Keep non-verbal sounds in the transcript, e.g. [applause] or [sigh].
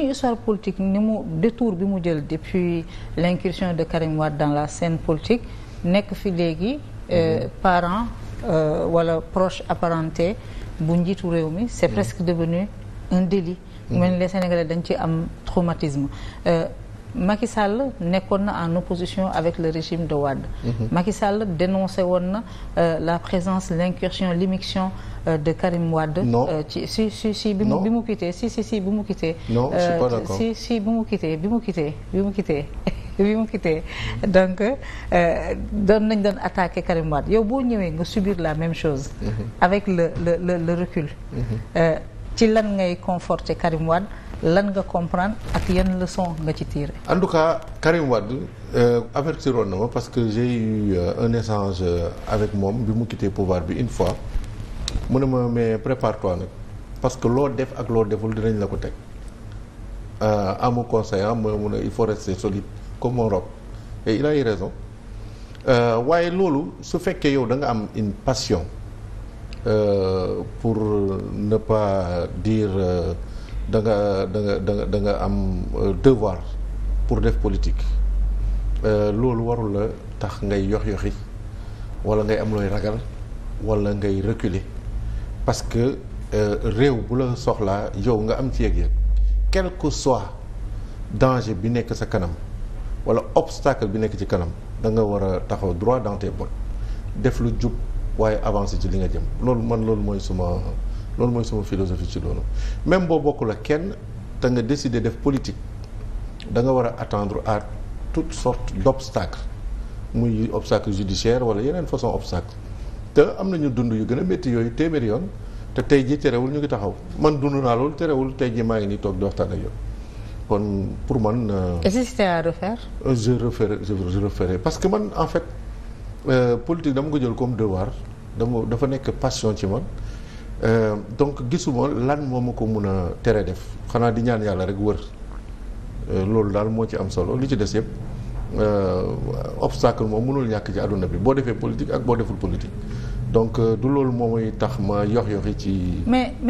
suñu histoire politique ni mu détour bi mu jël depuis l'incursion de Karim Wade dans la scène politique nekk fi léegi euh, mhm. parent euh, wala proche apparenté bu njiitu réew mi c'est mhm. presque devenu un délit mhm. mel ni les Sénégalais dañ ci am traumatisme euh, Macky Sall nekkoon na en opposition avec le régime de Wade. Mhm. Macky Sall dénoncé woon na euh, la présence l'incursion l'immixtion euh, de Karim Wade. non euh, ci si si si bi mu bi mu quitté si si si bi mu quitté. bi mu quitté bi mu quitté [laughs] bi mu quitté. bi donc doon nañ doon attaqué Karim Wade yow boo ñëwee nga subir la même chose. Mhm. avec le le le mhm. ci lan ngay conforter Karim Wade. lan nga comprendre ak yan leçon nga ci tirer. en tout cas Karim Wade euh, avertiroon na ma parce que j'ai eu euh, un échange euh, avec moom bi mu quitté pouvoir bi une fois mun ne ma mais prépare-toi nag parce que loo def ak loo deful dinañ la ko teg à euh, mon conseil mooy ah, mu ne il faut rester solide comme un roc et a raison euh, waaye loolu su fekkee yow da nga am une passion pour ne pas dire. da nga da nga da da nga am euh, devoir pour def politique euh, loolu warul la tax ngay yox yoxi wala ngay am looy ragal wala ngay reculer parce que euh, réew bu la soxlaa yow nga am ci yëg-yëg quel que soit danger bi nekk sa kanam wala obstacle bi nekk ci kanam da nga war a taxaw droit dans tes bottes def lu jub waaye avancer ci li nga jëm loolu man loolu mooy suma loolu mooy sama philosophie ci loolu même boo bokkul ak kenn te nga décider def politique da nga war a attendre à toutes sort d'obstacles muy obstacle judiciaire wala yeneen façon obstacle te am nañu dund yu gën a métti yooyu téeméeri yoon te tey jii terewul ñu ngi taxaw man dund naa terewul tey ji maa ngi nii toog di waxtaan ak yow kon pour man. Euh, est-ce que c'était à refaire. Euh, parce que man en fait euh, politique dama ko jël comme devoir dama dafa nekk passion ci man. Euh, donc gisuma lan moo ma ko mun a tere def xanaa di ñaan yàlla rek wër euh, loolu daal moo ci am solo li ci des yëpp euh, obstacle moom mënul ñàkk ci àdduna bi boo defee politique ak boo deful politique donc du loolu moo may tax ma yox yoxi ci.